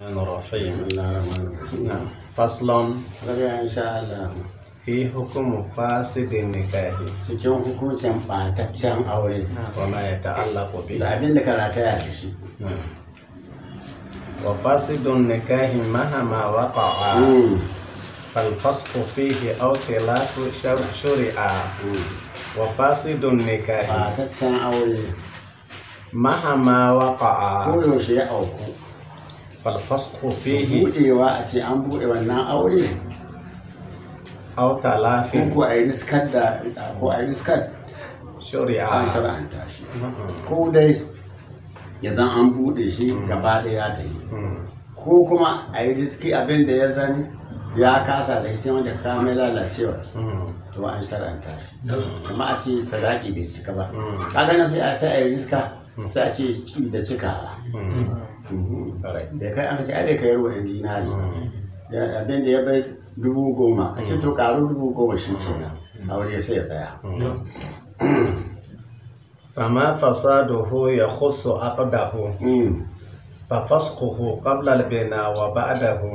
الرحمن الرحيم نعم فصل رجع في حكم فاسد النكاح سجون حكم سان باتشان اوري نعم. وما يتعلق به لا بين ذكر نعم. وفاسد النكاح مهما وقع فالفسق فيه او خلاف شرع وفاسد النكاح باتشان اوري مهما وقع كل شيء او falfasko fihi budewa a ce an bude wannan aure auta lafi ko a yi riskar da ko a yi riskar shari'a an shara'anta shi ko dai ya zan an bude shi mm. gaba ya ta yi mm. ko kuma a yi riski abin da ya zan ya kasa da sai wanda ka mai lalacewa mm. to an shara'anta shi kuma a ce sadaki bai cika ba kaga na sai a sai a yi riska sai a ce da cikawa bai kai an ce ai bai kai ruwan dinari ba mm. abin da ya bai dubu goma a ce mm. to karu dubu goma shi a mm. aure sai ya tsaya fama fasaduhu ya khusu aqdahu fa fasquhu qabla al-bina wa ba'dahu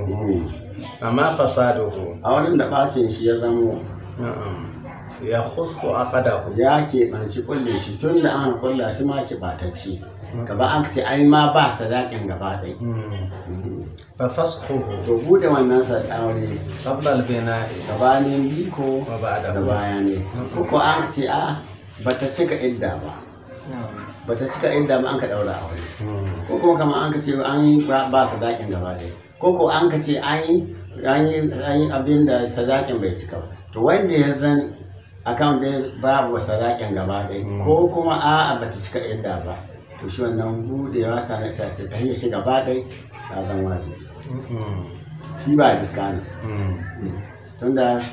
fama fasaduhu a wannan da bacin shi ya zamo ya khusu aqdahu ya ke ban shi kulle shi tun da an kulla shi ma ke batacce gaba an ce ai ma ba sadakin gaba ɗai ba hmm. fasquhu to bude wannan sadaure qabla al-bina'i gabanin biko ko. ba'da da bayani ko an ce a ta cika idda ba Ba ta cika idda ba an ka daura aure hmm. ko kuma kamar an ka ce an yi ba sadakin gaba ɗai ko ko an ka ce an yi abin da sadakin bai cika ba to wanda ya zan akan dai babu sadakin gaba ɗai hmm. ko kuma a'a ta cika idda ba to shi wannan budewa sane sa ta hanyar shi gaba ɗai ta zan wajibi shi ba riska ne mm. tunda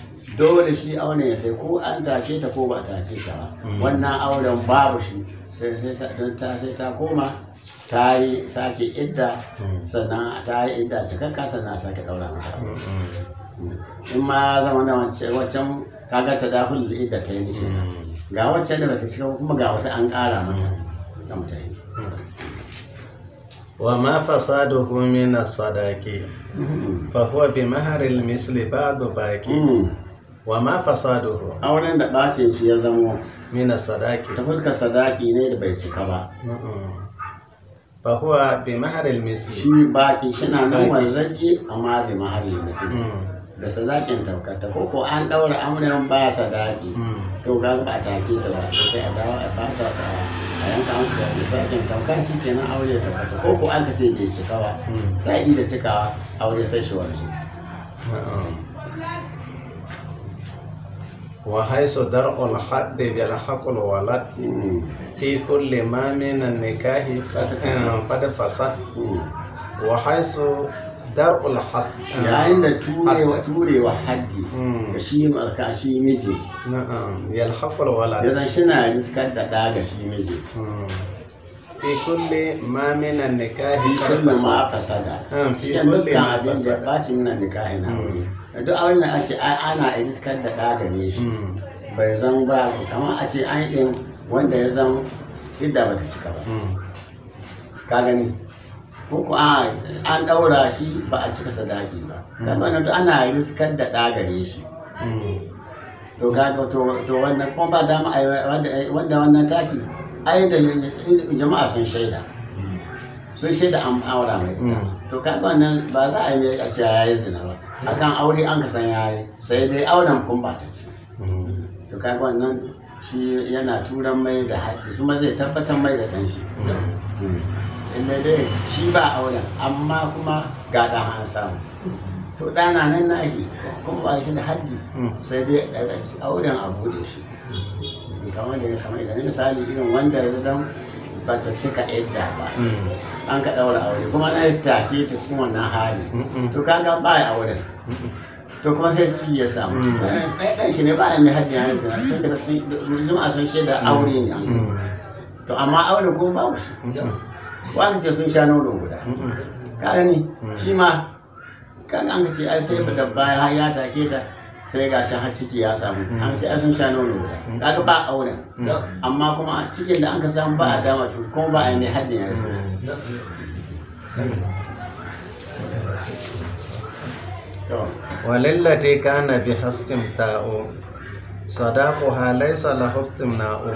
dole shi auren ya tai ko an take ta ko ba take ta ba mm. wannan auren babu shi sai sai ta koma ta yi sake idda mm. sannan ta yi idda cikakka sannan sake daura mata in ma zama da wancan kaga ta da idda ta yi ne ga waccan da bata shiga kuma ga wata an kara mata da mutane وما فساده من الصداق فهو بمهر المثل بعد باقي وما فساده auren da bacin shi ya zamo min sadaki ta fuskar sadaki ne da bai cika ba fa huwa bi mahar al misli shi baki shi na nan warzaji amma bi mahar al misli da sadakin taukata ko ko an daura auren ba sadaki hmm. to ga ba ke ta wato sai a dawo a fata sa a yanka musu da sadakin tauka shi kenan aure ta fata ko ko an kace bai cika ba hmm. sai da cikawa aure sai shi wanzu وحيث درء الحد بالحق الولد في كل ما من النكاح قد wa haisu dar'ul hasd yayin da turewa turewa haddi hmm. ga shi marka shi miji na'am yalhaqul walad yazan shina riskar da da ga shi miji hmm. fi kulli ma minan nikahi kullu ma fasada fi kulli ma fasada bacin hmm, nan nikahi na duk auren nan a ce ana riskar da da ga shi bai zan ba kamar a an yi wanda ya zan idda bata cika ba ka gani ko ko an ɗaura shi ba a cika sadaki ba hmm. kaga wannan ana riskar da ɗagare shi hmm. to kaga to wannan kuma ba dama wanda wannan taki ai da jama'a sun shaida hmm. sun shaida an aura mai ita to kaga wannan ba za a yi a ya yi zina ba akan aure an ka san yayi sai dai auren kun ba ta ce to kaga wannan shi yana turan mai da haƙƙi kuma zai tabbatar mai da kanshi inda dai shi ba auren amma kuma ga ɗan an samu to ɗana nan na nahi kuma ba shi da haddi sai dai daga auren a buɗe shi kamar da kamar idan misali irin wanda ya zan ba ta cika yadda ba an ka ɗaura aure kuma na take ta cikin wannan hali to kaga ba ya auren to kuma sai shi ya samu ɗan shi ne ba ya mai haddi ya zina tun daga juma'a sun shaida aure ne to amma aure kuma babu shi wani ce sun sha nono guda ka ni shi ma kan an ce ai sai da baya har ya take ta sai ga shi har ciki ya samu an ce ai sun sha nono guda kaga ba auren amma kuma cikin da an ka samu ba a dama to kuma ba a yi mai haddin ya sai walillati kana bi hastim ta'u sadaquha laysa lahu na'u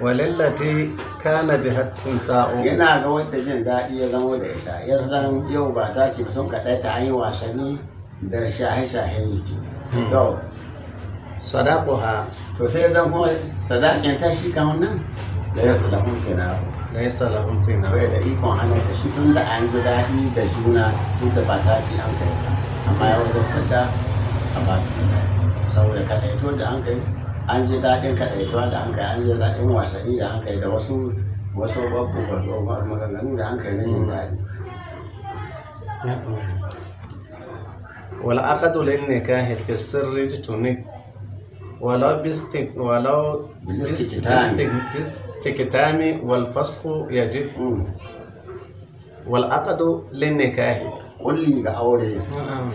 walillati kana bi hattin ta'u yana ga wanda jin daɗi ya zamo da ita yar zan yau ba ta ke sun kaɗai ta an yi wasanni da shahe-shahen yake hmm. to sadaku ha to sai ya zan kuma sadakin ta shi kan wannan da ya ta Na da ya salahun tina bai da ikon hana da shi tun da an ji daɗi da juna tun da ba ta ke an kai amma ya wajen da a ba ta sanar saboda to da an kai an ji daɗin kaɗaituwa da hankali an ji daɗin wasanni da an kai da wasu wasu babu babban maganganu da an hankali na jin daɗi والعقد للنكاح في السر تنك ولو باستك ولو بالاستكتام والفسخ يجب والعقد للنكاح kulli ga aure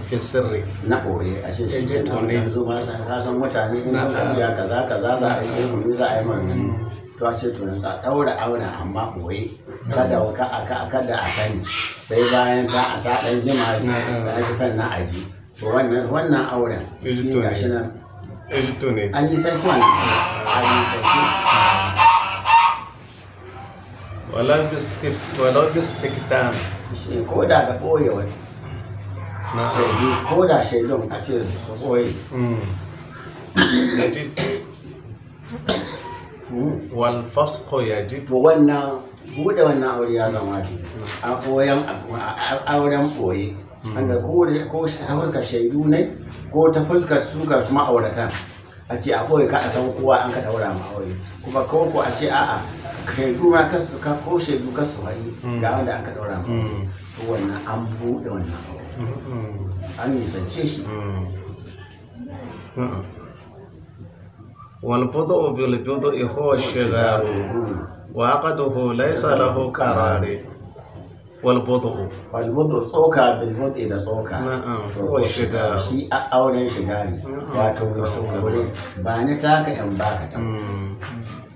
fi sirri na koye a ce shi ne yanzu ma ka san mutane in sun ajiya kaza kaza za a yi shehu za a yi maganganu to a ce to yanzu a daura aure amma koye kada ka aka kada a sani sai bayan ta a ta dan jima da ake san a ji to wannan wannan auren shi gashi nan an yi san shi an yi san shi ولو باستكتام shi ko da da ɓoye wani shaidu ko da shaidun a ce su ɓoye mm. wal fasqo yajib to wannan bude wannan aure ya zama ji a koyan auren boye mm. wanda ko ko ta shaidu ne ko ta fuskar su ga su ma'auratan a ce a boye ka a san kowa an ka daura ma aure kuma ko ko a ce a'a shaidu ma kasu ka ko shaidu kasu hari mm. ga wanda aka daura mu mm. wannan an buɗe wannan abu mm, an nisance shi والبضع بالبضع هو الشغار وعقده ليس له قرار والبضع والبضع tsoka بالبضع da tsoka هو shi a auren shigari wato musu gure ba ni taka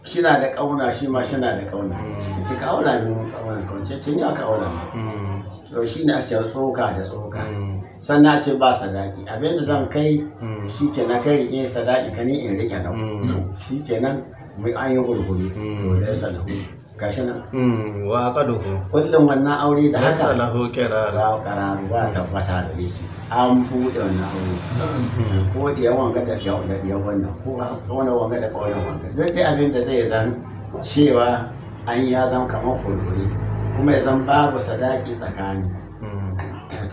shina da ƙauna shi ma shina da ƙauna mm. ya ce ka aura min ƙauna kawai ce ya ka aura mm. to shi ne a tsoka da tsoka mm. sannan ce ba sadaki abinda zan kai shi na kai riƙe sadaki ka ni in riƙe nan shi kenan mai an yi gurguri to da ya sadaki gashi nan mm, wa qaduhu kullum wannan aure da haka salahu qirar ga qarar ba tabbata da shi an bude wannan aure mm. ko da yawan ga da yawan da wannan ko wani wanga da kawai wanga duk dai abin da zai zan cewa an ya zan kamar kuluri kuma ya zan babu sadaki tsakani mm.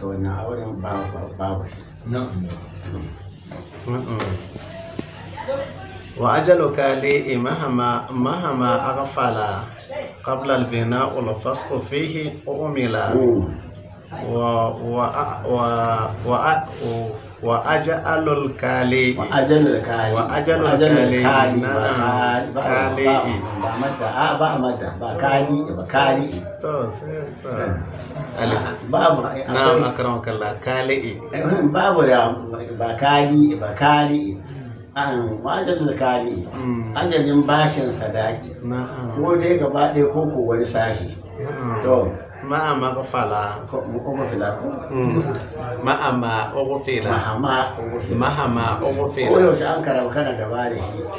to wannan auren babu shi wa ajaluka li mahama mahama aghfala قبل البناء والفسق فيه أُمِلَ وأجل الكالي وأجل الكالي وأجل الكالي نعم كالي با مدة آه الكالي مدة با كالي با كالي الكالي نعم أكرمك الله كالي باب الكالي كالي با كالي wajen likali hmm. ajalin bashin sadaki ko dai gaba ɗaya ko ko wani sashi to ma'ama kofala kofala hmm. ma'ama kofala mahama mahama kofala ko yaushe an karau kana da bare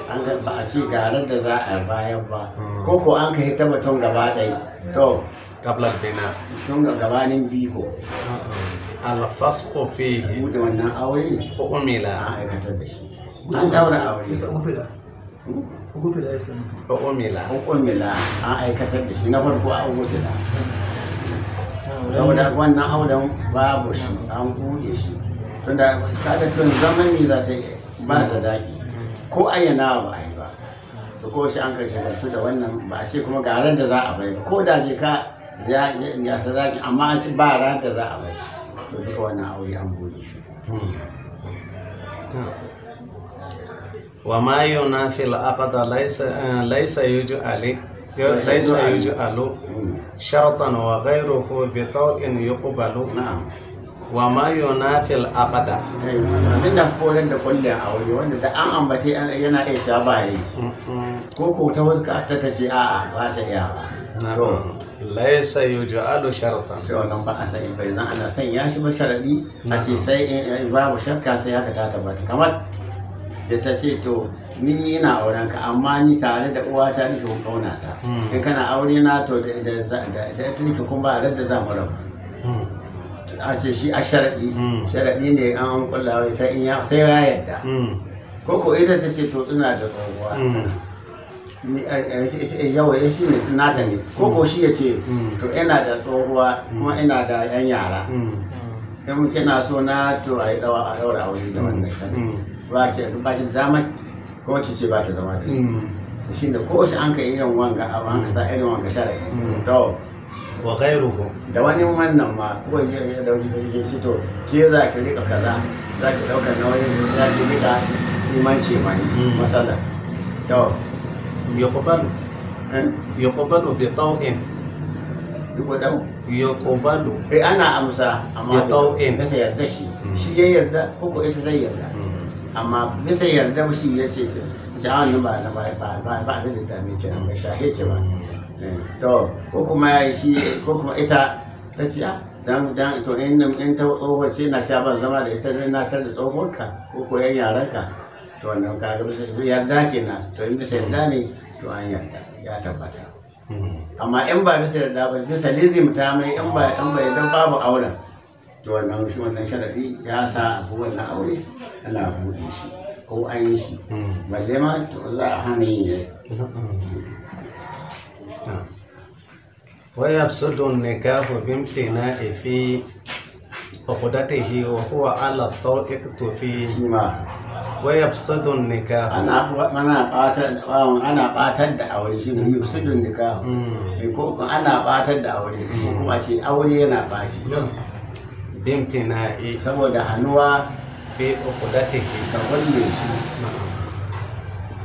an ga ba a ci garar da za a bayar ba hmm. ko ko an kai ta batun gaba ɗaya to kablar dina tun ga gabanin biko alfasqu fihi da wannan aure ko umila a aikata da shi an daura aure sai umila ko umila an aikatar da shi na farko a umila saboda wannan auren babu shi an buɗe shi tunda kada tun zaman mi za ta ba sadaki ko ayyana ba a yi ba to ko shi an kai shagaltu da wannan ba a ce kuma ga ran da za a bai ba ko da je ka ya sadaki amma an ci ba ran da za a bai to duka wannan aure an buɗe shi hmm. وما ينافي العقد ليس ليس يجو عليك ليس يجو علو شرطا وغيره بطوء يقبل نعم وما ينافي العقد إيه، من نقول ان كل اولي وان دعاء ما تي انا ايش اباي كوكو توزك اتتشي اه بات آه، يا آه. نعم. ليس يجعل شرطا شو لم بقى سيبيزان انا سيياش بشرطي نعم. اسي سيبابو إيه، شكا سيياك تاتبات كمت da ta ce to ni ina auren ka amma ni tare da uwata nake kun kauna ta hmm. in kana aure na to da ita nake kun ba da za mu rabu hmm. a ce shi a sharaɗi hmm. sharaɗi ne an kulla sai in ya sai ya yadda ko ko ita ta ce to ina da tsohuwa eh, eh, eh, yawa ya shi ne nata ne ko ko shi ya ce to ina da tsohuwa kuma ina da yan yara in kina so na to a yi dawa a daura aure da wannan sharaɗi baki ki ba ki dama kuma ki ce ba ki zama da su shi da mm. kowace an ka irin wanga a an ka sa irin wanga sharaɗi mm. to wa gairuhu da wani wannan ma ko ya dauki sai shi to ke za ki rika kaza za ki dauka nauyin za ki rika imanci mani mm. masala to yuqbalu eh? yuqbalu bi tawin yuqbalu yuqbalu eh ana amsa amma bi tawin sai yarda shi shi ya yarda ko ko ita zai yarda amma bisa yarda shi ya ce ce a wannan ba na ba ba ba ne da dame kenan ba shahe ke ba eh, to ko kuma shi ko kuma ita ta ce ah, dan dan to in in ta tsohuwar sai na sha ban zama da ita ne na tar da tsohuwar ka ko ko yan yaran ka to wannan ka ga bisa yarda kenan to in bisa yarda ne to an yarda ya tabbata hmm. amma in ba bisa yarda ba bisa lizim ta mai in ba in ba idan babu auren to wannan shi wannan sharadi ya sa abu wannan aure ana buɗe shi ko an yi shi balle ma za a hana yin ne ويفسد النكاح بامتناع في عقدته وهو على الطريق في ويفسد النكاح انا انا باتر انا باتر da aure shi ne yufsidu nikah ko ana batar da aure kuma shi aure yana bashi hmm. bimtina saboda hanuwa في عقدته كوليش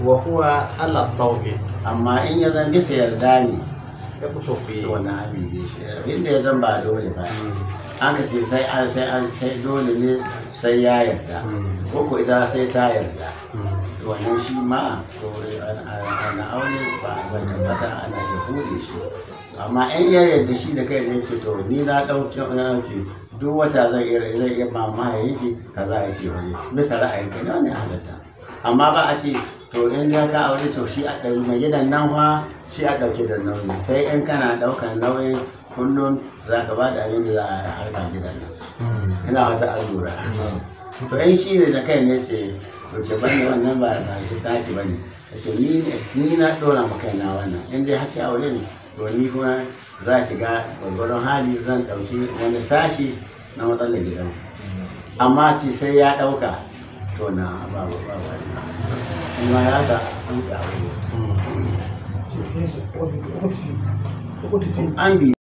وهو على الطوب أما ala يزن amma in ya zan yarda ne ya fito fiye wani abin da shi inda ya zan ba dole ba mm. an ka ce sai an sai an sai dole ne sai ya yarda mm. ko ko ita sai ta yarda mm. wannan shi ma a kore ana ban tabbata ana ya hure shi amma in ya yarda shi da kai zai ce to ni na ɗauki ɗauki duk wata zai iya zai iya ma ka za a ce wani bisa ra'ayin kai ne halatta amma ba a ce to in ya ka aure to shi a ɗauki mai gidan nan fa shi a ɗauki da nauyi sai in kana ɗaukan nauyin kullum za ka ba da abin da za a harka gidan nan hmm. ina wata allura to ai shi ne da kai ne ce to ke bani wannan ba ba ta ki bane ce ni ni na dora ma kai na wannan in dai har aure ne to ni kuma za ki ga gwargwaron hali zan dauki wani sashi na matsalar gidan amma ci sai ya dauka to na ba ba ba kuma ya sa an hmm. bi